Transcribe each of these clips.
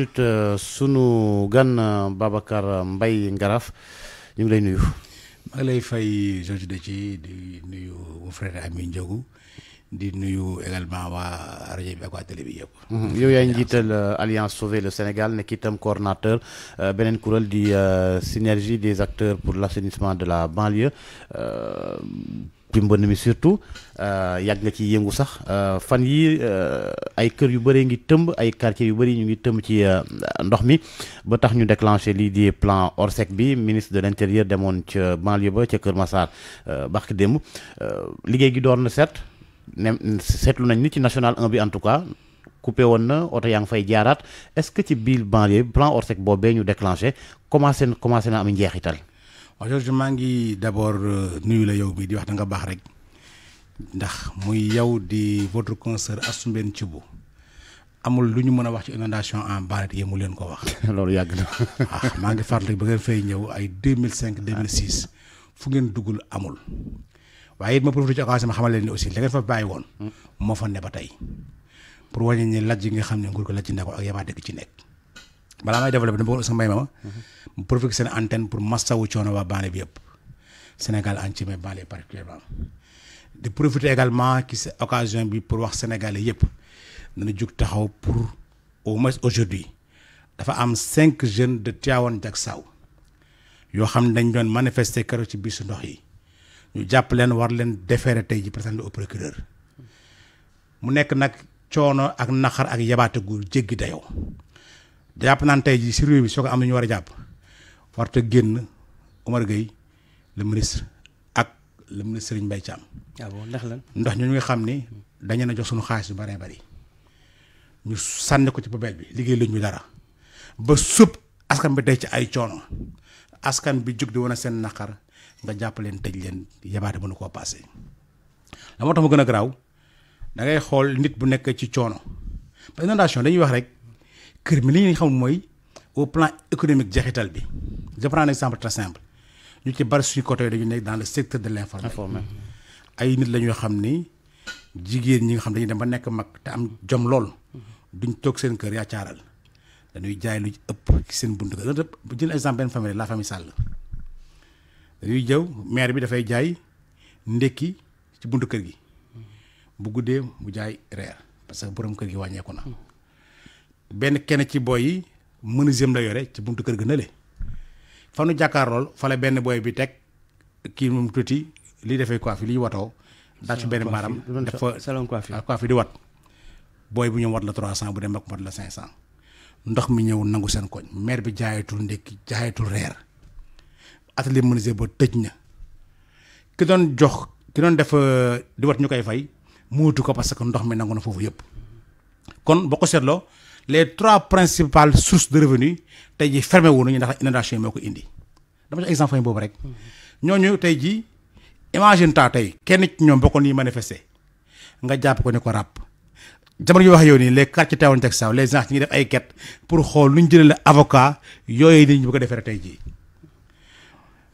ut euh, sunu gan euh, Babacar Mbaye Ngaraf ñu ngi lay nuyu ma lay fay Georges Dethie di nuyu bu frère Ami Ndiogou di nuyu également waa rajo bi ak waa télé mhm. yow yaay njiital euh, alliance sauver le Sénégal nekk itam coordinateur benen kurel di synergie des acteurs pour l'assainissement de la banlieue ci mbënn mi surtout euh, yàgg nga ci yengu sax euh, fan yi euh, ay keur yu bëri ngi tëmb ay quartier yu bëri ñu ngi teum ci ndox mi ba tax ñu déclencher li di plan Orsec bi ministre de l'intérieur demoon ci banlieue ba ci keur Massar barki démb liggéey gi door na seet ne seetlu nañ ni ci national 1 bi en tout cas coupé woon na oto yaa fay jaaraat est-ce que ci bill banlieue plan Orsec boobee ñu déclencher commencé commencé na am njeexital aujourd'hui maa ngi d'abord euh, nuyu la yow bi di wax da nga baax rek ndax muy yow di votre consoeur Astou ci bo amul lu ñu mën a wax ci inondation en Barth yéen mu leen ko wax. loolu yàgg na. Ah, maa ngi fàttali ba ngeen fay ñëw ay 2005 2006 fu ngeen duggul amul waaye it ma profité ci occasion ma xamal leen ni aussi la ngeen fa bàyyi woon. Hmm. moo fa ne ba tey pour wàññi ne lajj nga xam ne nguur ko lajj na ko ak yamaa dëkk ci nekk. balaa may développé dama bëgg sax may ma ma profité seen antenne pour massawu coono waa banlieue bi yëpp Sénégal entier mais banlieue particulièrement di profité également ci sa occasion bi pour wax sénégalais yëpp nañu jug taxaw pour au moins aujourd'hui dafa am cinq jeunes de Tivaouane Diacksao yoo xam ne dañ doon manifester keroog ci su ndox yi ñu jàpp leen war leen déférer tey ji présenté au procureur mu nekk nag coono ak naqar ak yabaate gu jéggi dayoo jàpp naan tey jii si réew mi soo ko am ñu war a jàpp warta génn Omar Gueye le ministre ak la ministre Serigne Mbaye Thiam. waaw ah ndax lan ndax ñu nga xam ni dañu na jox suñu xaalis yu bëree bëri ñu sànni ko ci poubelle bi liggéey lañu dara ba sëpp askan bi tey ci ay coono askan bi jóg di wane seen naqar nga jàpp leen tëj leen yabaate mënu koo paase. la tax mu gën a garaaw da ngay xool nit bu nekk ci coono parce que dañuy wax rek. kër mi li ñu xam mooy au plan économique jeexital bi je prends un exemple très simple ñu ci bari suñu côté dañu nekk dans le secteur de l' informel ay nit la ñoo xam ni jigéen ñi nga xam dañuy dem ba nekk mag te am jom lool duñ toog seen kër yaa caaral dañuy jaay lu ëpp ci seen bunt kër bu jël exemple benn famille la famille Sall dañuy jëw maire bi dafay jaay ndékki ci buntu kër gi bu guddee mu jaay reer parce que borom kër gi wàññeeku na ben kenn ci boy yi menuisier la yore ci buntu kër gënalé fa nu jàkkaarlool fa la ben boy bi tek ki mum tuti li defee coiffe li wato da ci ben maram dafa salon coiffe coiffe di wat boy bu ñu wat la 300 bu dem ak wat la 500 ndox mi ñew nangu sen koñ mer bi jaayatul ndek jaayatul reer atelier menuisier ba tëj na ki don jox ki don def euh, di wat ñukay fay mootu ko parce que ndox mi nangu na fofu yépp kon boko setlo les trois principales sources de revenus tay jii fermé wonu nañu ndax inondation moko indi dama jox exemple yi boobu rek ñooñu tay ji imagine ta tay kenn ci ñoom bokkoon ñuy manifester nga japp ko ni ko rap jamono yu wax yow ni les quartiers Tivaouane Diacksao les gens ñi def ay quête pour xol luñu jëlé avocat yoyé ni ñu ko defee tay ji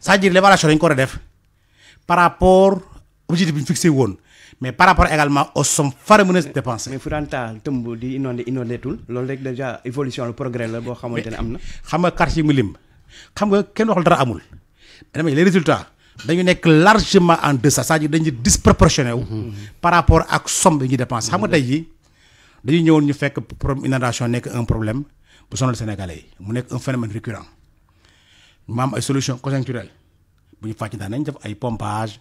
c'est-à-dire l'évaluation dañ ko def par rapport aux bi fixé mais par rapport également aux sommes faramineuses dépensées. mais Furanta tëmb di inondé inondétul loolu rek déjà évolution le progrès la boo xamante ne xam nga quartier mu lim xam nga kenn waxul dara amul dama les résultats dañu largement en deçà c'est-à-dire dañu disproportionné par rapport ak somme bi ñu sais xam nga tey jii dañu ñëwoon ñu fekk inondation nekk un problème bu sonal Sénégalais Il mu nekk un phénomène récurrent ma am ay solution conjoncturelle bu ñu fàcc ndax nañ def ay pompage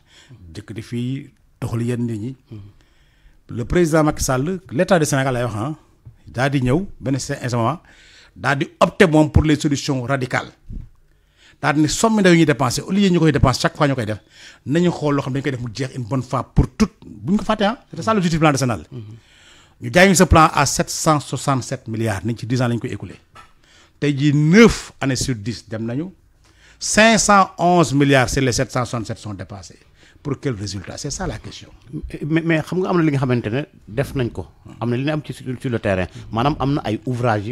dëkk di fii toxal yenn nit ñi le président Macky Sall l' état du Sénégal lay wax ah hein, daa di ñëw benn instant daal di opté moom pour les solutions radicales daal di ne somme ndaw yi ñuy dépensé au lieu ñu koy dépense chaque fois ñu koy def nañu xool loo xam ne dañu koy def mu jeex une bonne fois pour tout bu ñu ko fàtte ah hein, c' est ça l' objectif plan national. ñu jaay ñu sa plan à 767 milliards ni ci 10 ans lañ ko koy écoulé tey jii 9 années sur 10 dem nañu. 511 milliards c'est les 767 sont dépassés pour quel résultat c'est ça la question. mais mais xam nga am li nga ne def nañ ko li am sur le terrain madame ouvrages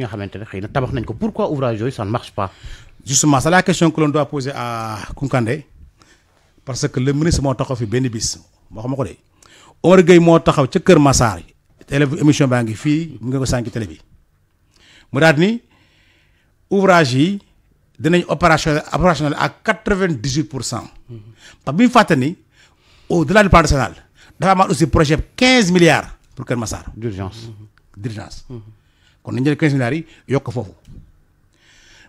pourquoi ouvrage ça ne marche pas. justement c'est la question que l'on doit poser à Kounkandé parce que le ministre moo taxaw fi je bis moo xam ko de Omar Gueye moo taxaw ca Kër Massar télé émission baa fi, fii ko sànq télé bi mu ni ouvrage yi dinañ opérationnel opérationnel à 98% au delà du plan national aussi projet 15 milliards pour le d'urgence d'urgence kon a 15 milliards il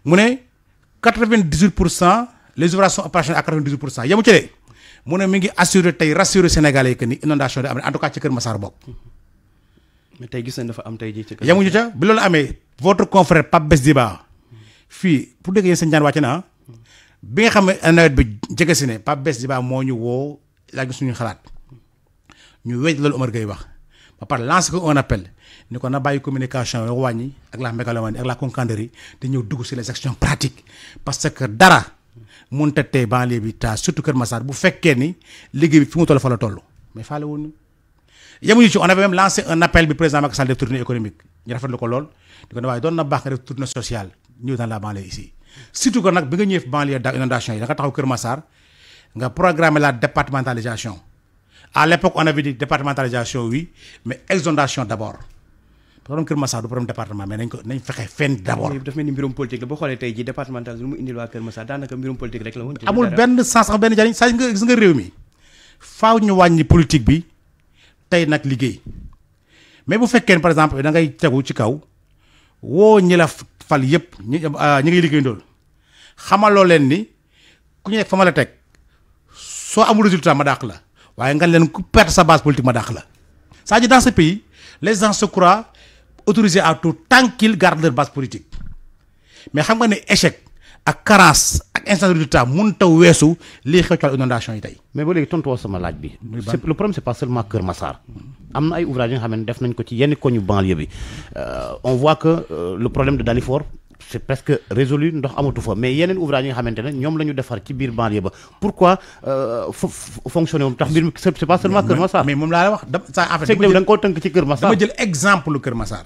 y a les opérations opérationnelles à 98% assurer Sénégalais que ni de en tout cas ci mais votre confrère Pape fii pour que vous puissiez vous wàcc na bi nga xam ne nawet bi jege si ne Diba moo ñu woo laaj suñu ñu wéj loolu Omar Gueye wax lancé un appel ni ko na communication avec ak la mégalomanie ak la concanderie nous ñëw dugg si les actions pratiques parce que dara mun ta tey banlieue bi ta surtout Kër Massar bu fekkee ni liggéey bi fi toll fa la mais ñu yamuñu ci on avait même lancé un appel bi président Macky Sall def tournée économique ñu rafetlu ko lool di ko ne waaye doon na tournée sociale ñëw dans la banlieue ici surtout que nag bi nga ñëw banlieue d'inondation yi da nga taxaw Kër Massar nga programmer la départementalisation à l'époque on avait dit départementalisation oui mais exondation d'abord problème Kër Massar du problème département mais nañ ko nañ fexe fenn d'abord. daf mel ni mbirum politique la boo xoolee tey jii départemental lu mu indil waa Kër Massar daanaka mbirum politique rek la woon. amul benn sens ak benn jariñ saa nga gis nga réew mi faaw ñu wàññi politique bi tey nag liggéey mais bu fekkee par exemple da ngay tegu ci kaw woo ñi la fal yëpp ñu ñi ah, ngay liggéey ndool xamaloo leen ni ku ñu nekk fa ma la teg soo amul résultat ma dàq la waaye nga leen ku perte sa base politique ma dàq la sa à dire dans ce pays les gens se croient à tout tant qu'ils gardent leur base politique mais xam nga ne échec ak carence ak instance résultat mun taw weesu lii xew ci wàllu inondation yi tey mais ba léegi tontuwoo sama laaj bi le problème c'est pas seulement Kër Massar amna ay ouvrage nga xam def nañ ko ci yenn koñu banlieue bi euh, on voit que euh, le problème de Dalifort c'est presque résolu ndox amatu fa mais yeneen ouvrage yi nga xamantene ne ñoom la ñu ci biir banlieue ba pourquoi euh, fonctionner moom tax mbir c'est pas seulement que Massar mais mom la wax ça sa affaire c'est que da ko teunk ci keur Massar dama jël exemple keur Massar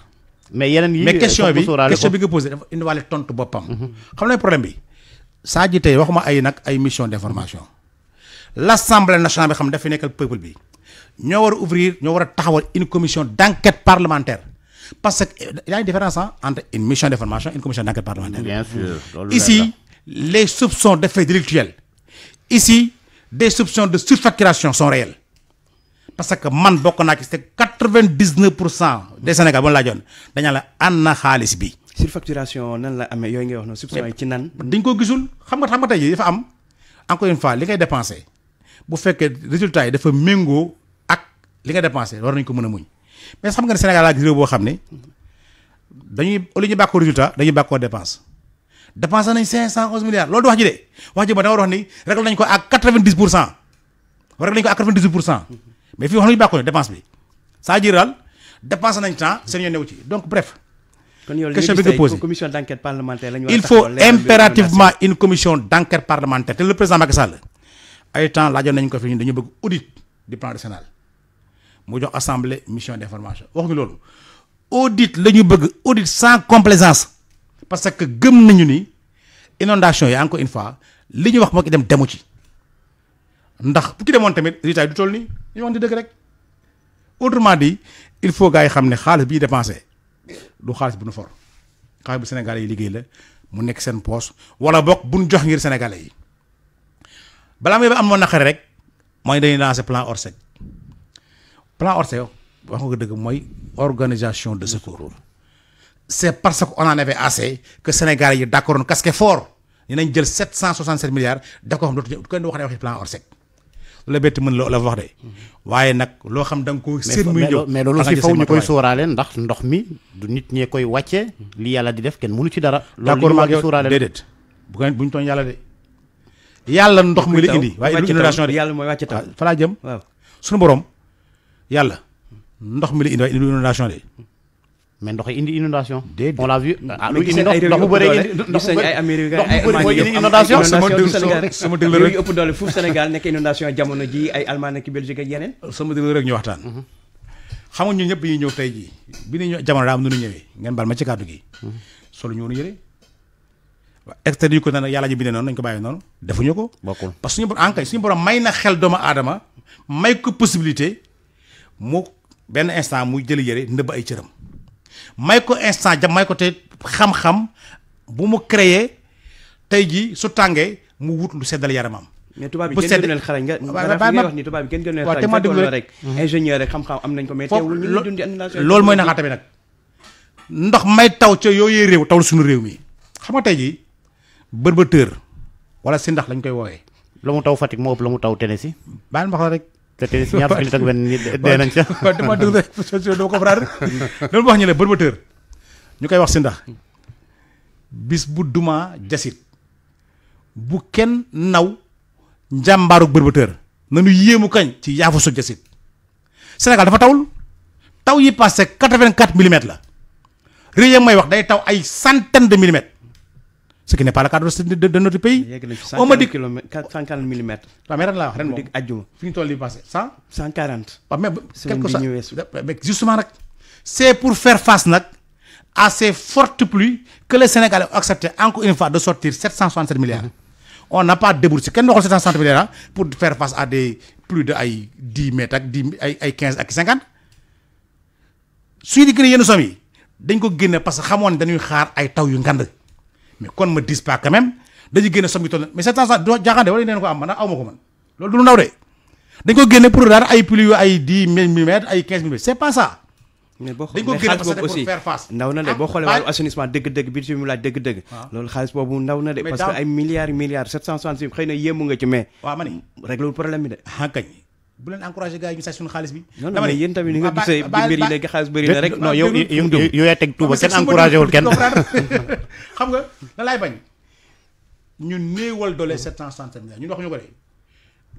mais yeneen yi mais question bi question bi nga posé dafa walé tontu bopam mhm. xam nga problème bi sa ji tey waxuma ay nak ay mission d'information l'Assemblée nationale bi xam dafa nekkal peuple bi nous war ouvrir nous devons une commission d'enquête parlementaire parce qu'il y a une différence hein, entre une mission d'information et une commission d'enquête parlementaire. bien sûr ici les soupçons de faits délictuels ici des soupçons de surfacturation sont réels parce que man bokk naa ci c' est des Sénégal ba mu laajoon la ànd bi. surfacturation nan la amé yoy ngay wax no soupçon yi ci nan. dañ ko gisul xam nga xam nga dafa am encore une fois li ngay dépensé bu fekkee résultat yi dafa mingo li nga dépensé war nañ ko mën a muñ mais xam nga ne Sénégal laa gis réew boo xam ne dañuy au lieu ñu bàkkoo résultat dañuy bàkkoo dépense dépensé nañ 511 milliards loolu du wax ji de wax ji ba da nga wax ni réglé nañ ko ak 90 vingt dix pour cent réglé nañ ko ak quatre pour cent mais fi wax nañu bàkkoo dépense bi ça dire daal dépensé nañ temps seen yoon newu ci donc bref. kon yow question bi nga posé commission d'enquête parlementaire lañ war il faut impérativement une commission d'enquête parlementaire te le président Macky Sall ay temps laajoon nañ ko fi ñun dañu bëgg audit du plan décennal mu jox assemblée mission d'information wax nga loolu audit la ñu bëgg audit sans complaisance parce que gëm nañu ni inondation yi encore une fois li ñu wax moo ki dem demu ci ndax bu ki demoon tamit résultat du toll ni ñu wax di dëgg rek autrement dit il faut gars yi xam ne xaalis bi dépensé du xaalis bu nu for xaalis bu Sénégalais yi liggéey la mu nekk seen poche wala bokk bu jox ngir Sénégalais yi balaa muy ba am moo naqari rek mooy dañuy lancer plan Orsec plan Orfeo wax nga dëgg mooy organisation de secours. c' est parce que on en avait assez que Sénégal yi d' accord woon casque fort dinañ jël 767 milliards d' accord dootuñu kenn wax ne waxi plan Orsec. wax de. waaye nag loo xam da ko seen muy mais loolu si faw ñu koy sóoraale ndax ndox mi du nit ñee koy wàcce li yàlla di def kenn mënu ci dara. d' accord maa ngi sóoraale déedéet bu ngeen bu ñu tooñ yàlla de. yàlla ndox mi la indi waaye inondation de yàlla mooy fa laa jëm. waaw sunu borom. yàlla ndox mi la indi waaye indi inondation de. mais ndox yi indi inondation. déedéet on l'a vu. ah lu indi ndox ndox bu bëree indi ndox bu bëri indi inondation. sama dëgg sama dëgg la rek ëpp doole nekk inondation jamono ji ay Allemagne ak Belgique ak yeneen. sama dëgg la rek ñu waxtaan. xam nga ñëpp ñu ñëw tey jii bi ñu jamono daa am nu ñu ñëwee ngeen bal ci kàddu gi. solo ñu woon yëre waaw externe yu ko naan yàlla ji bindee noonu nañ ko bàyyi noonu defuñu ko. bokkul parce suñu borom en suñu borom may na xel doomu aadama may ko possibilité mu benn instant muy jëli yëre ndëbb ay cëram may ko instant ja may ko te xam-xam bu mu créer tey jii su tàngee mu wut lu seddal yaramam. mais tubaab bi kenn gënal xarañ nga wax ni bi kenn gënal xarañ nga toll rek ingénieur rek xam-xam am nañ ko mais teewul ñu dundi loolu mooy naxaate bi nag ndox may taw ca yooyu réew tawul suñu réew mi xam nga tey jii bërbatër wala si ndax lañ koy woowee la mu taw Fatick moo ëpp la mu taw Tennessee baal ma wax rek te te si ñaar fukki nit ak benn dee nañ ca. waaw dama déglu dama comprendre loolu wax ñu ne bërëbëtër ñu koy wax si ndax bis bu duma jasit bu kenn naw njàmbaarug bërëbëtër nañu yéemu kañ ci yaafusu jasit Sénégal dafa tawul taw yi passé quatre-vingt-quatre millimètres la réew may wax day taw ay centaine de millimètres. ce qui n'est pas le cadre de, notre pays. on m'a dit 140 mm. mais ren laa wax ren moom dig passé quelque chose mais justement c'est pour faire face à ces fortes pluies que le Sénégal a accepté encore une fois de sortir 767 milliards. Mm-hmm. on n'a pas déboursé kenn waxul 767 milliards hein, pour faire face à des plus de 10 mètres 15 à 50. suy qui est a yenn somme yi dañ ko parce que xamoon dañuy xaar ay taw yu ngand. mais qu'on me dise quand même dañu génne somme bi toll mais sept cent cent doo jaaxaande wala neen ko am ah, man ah, aw ma ko man loolu du lu ndaw de dañ ko génne pour daal ay pluie yu ay dix millimètres ay quinze millimètres c'est pas ça. mais boo xoolee mais ah, xaalis boobu ndaw na de parce que ay milliards milliards sept cent soixante-six xëy nga ci mais. waaw ma ni réglewul problème bi de. ah bu leen encouragé gars yi ñu sàcc suñu xaalis bi. dama ne yéen tamit ni nga gisee mbir yi léegi xaalis bëri na rek. non yow yow yow yaa teg tuuba kenn encouragé wul kenn. xam nga lan laay bañ ñu néewal doole 760 milliards ñun wax ñu ko de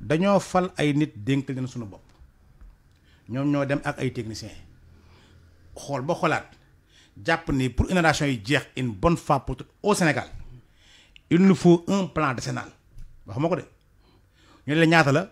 dañoo fal ay nit dénk leen suñu bopp ñoom ñoo dem ak ay techniciens xool ba xoolaat jàpp ni pour inondation yi jeex une bonne fois pour toutes au Sénégal il nous un plan décennal waxuma ko de ñu ne la ñaata la.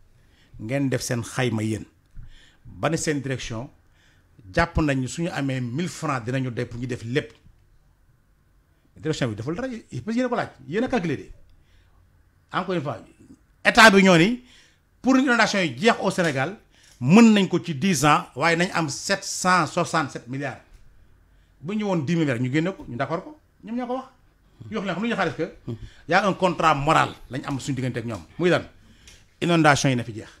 ngeen def seen xayma yéen ba ne seen direction jàpp nañu suñu amee mille francs dinañu def ñu def lépp direction bi deful dara yéen yéen a calculé de état bi ñoo ni pour inondation yi jeex au Sénégal mën nañ ko ci 10 ans waaye nañ am 767 milliards bu ñu woon 10 ñu génne ñu d'accord ko ñoom ñoo ko wax. yoo xam ne ñu xaalis contrat moral lañ am suñu digganteek ñoom muy lan inondation yi na fi jeex.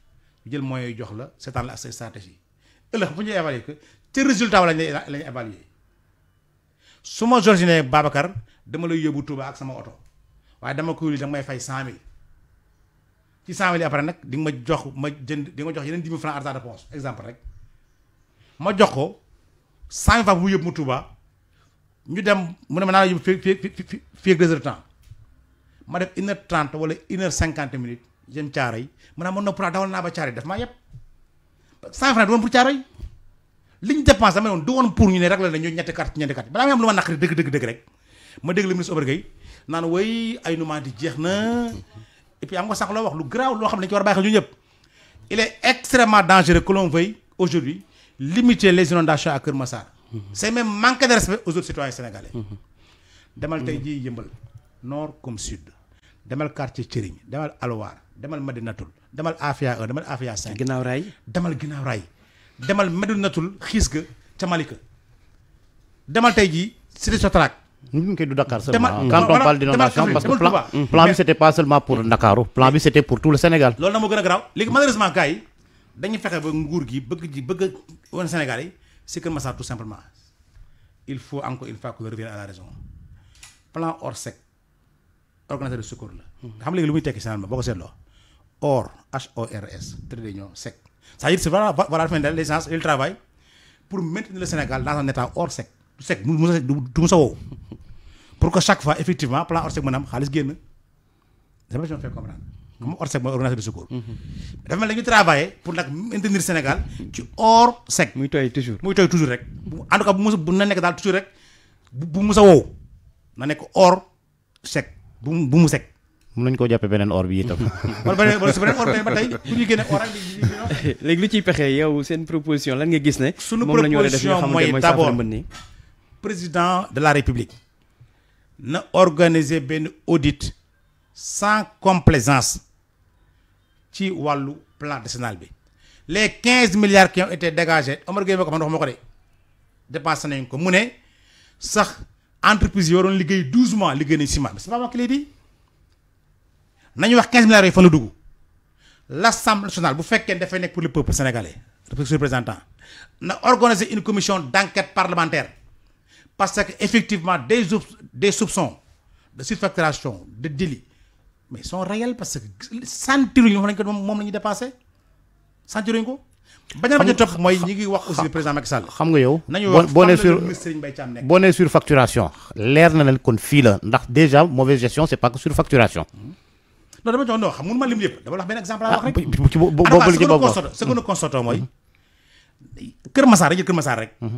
jël moyens yu jox la seetaan la ak say stratégie ëllëg bu ñu évaluer que te résultat wala lañ la ñu évaluer su ma Georgine Babacar dama lay yóbbu Touba ak sama oto waaye dama ko yóbbu da may fay cent mille ci cent mille après nag di nga ma jox ma jënd di nga ma jox yeneen dix mille francs argent de poche exemple rek ma jox ko cent mille francs bu mu yóbbu mu Touba ñu dem mu ne ma naa la yóbbu fii fii fii fii deux heures temps ma def une heure trente wala une heure cinquante minutes. jëm caaro yi maanaam man noppalaa dawal naa ba caaro yi daf maa yëpp cent franc du woon pour caaro yi li ñu dépense dama ne woon du pour ñu ne rek la ne ñoo ñetti carte ñeenti carte balaa ma am lu ma naqari dëgg dëgg dëgg rek ma dégg le ministre Oumar naan way ay nument di jeex na et puis am nga sax loo wax lu garaaw loo xam ne dañu ci war a xel ñu ñëpp il est extrêmement dangereux que l'on veuille aujourd'hui limiter les inondations à Kër Massar c'est même manquer de respect aux autres demal tey jii yëmbal nord comme demal quartier Thierry demal demal madinatul demal afia 1 demal afia 5 ginnaaw raay demal ginnaaw raay demal madinatul xiis ga ca Malika demal tey jii Cité Sotrac ñu koy du Dakar seulement que plan plan bi pour Ndakaaru pour tout le Sénégal loolu na moo gën a garaaw léegi malheureusement gars yi dañuy fexe ba nguur gi bëgg ji bëgg woon Sénégal yi c'est que Massar tout simplement il faut encore une fois qu'on revienne à la raison plan ORSEC organisateur de secours la nga xam léegi lu muy tekki Sénégal ma boo ko hors H-O-R-S, Très d'union sec. C'est-à-dire c'est voilà, voilà, les gens, ils travaillent pour maintenir le Sénégal dans un état hors sec. Sec, tout ça. Pour que chaque fois, effectivement, plan hors sec, mon Khalis Guéne. C'est pas je me fais comprendre. Comme hors sec, mon organisation de secours. Mhm. Dafa lañu travailler pour maintenir le Sénégal ci hors sec. Muy toy toujours. Muy toy toujours rek. En tout cas, bu na nek dal toujours rek bu bu musa wo. Na nek hors sec. Bu bu sec mën nañu koo jàppee beneen or bi itam. wala beneen wala su beneen or ba tey ku ñu génne or ak léegi lu ciy pexe yow seen proposition lan nga gis ne. moom la ñu def nga xamante ne mooy saafara mbënd président de la république na organiser benn audit sans complaisance ci wàllu plan décennal bi les 15 milliards qui ont été dégagés Omar Gueye ma ko man waxuma ko de dépassé nañ ko mu ne sax entreprise yi waroon liggéey 12 mois liggéey nañ six mois mais c'est pas moi qui l'ai dit nous avons 15 milliards de fan la nationale bu faites qu'elle nekk pour le peuple sénégalais représentant na organiser une commission d'enquête parlementaire parce qu'effectivement des des soupçons de surfacturation de délit mais sont réels parce que sentiruñu wax Nous avons moom la ñuy dépassé sentiruñu ko. bañ a bañ ñi sur na kon la déjà mauvaise gestion ce n'est pas que surfacturation. non dama jox non xam wax benn exemple ah, wax rek. ci boobu la ci boobu wax mooy Kër Massar rek jël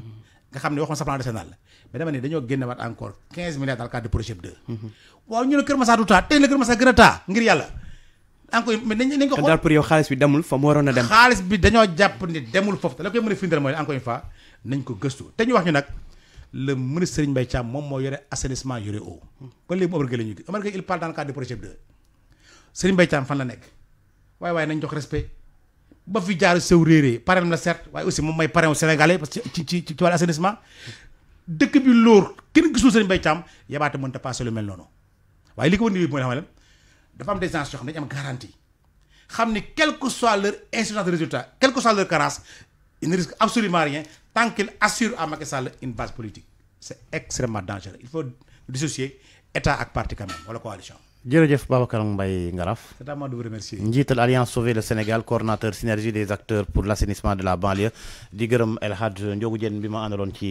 Kër mhm. sa plan dañoo génne waat encore 15 milliards dans le de projet 2. Mhm. waaw ñu ne a taa ngir yàlla. a dem. xaalis bi dañoo jàpp ni demul foofu te la koy mën a mooy encore ko gëstu te ñu wax ñu nag le ministre Serigne Mbaye moom moo yore assainissement yore eau. Mhm. ba léegi mu Omar Gueye la ñu il parle dans le cadre projet 2. Serigne Mbaye Thiam fan la nekk waaye waaye nañ jox respect ba fi jaar sew réeree parrain la certes waaye aussi moom may parrain wu sénégalais parce que ci ci ci wàllu assainissement dëkk bi lóor kenn gisul Serigne Mbaye Thiam yabaate mënta passé lu mel noonu waaye li ko wan ni mooy xamal dafa am des gens yoo xam ne dañu am garantie xam ni quel que soit leur insuffisance de résultat quel que soit leur carence il risque absolument rien tant qu'il assure à Macky Sall une base politique c'est extrêmement dangereux il faut état ak parti quand même wala jërëjëf Babacar Mbaye Ngaraf c'est à moi de vous remercier sauver le Sénégal coordinateur synergie des acteurs pour l'assainissement de la banlieue El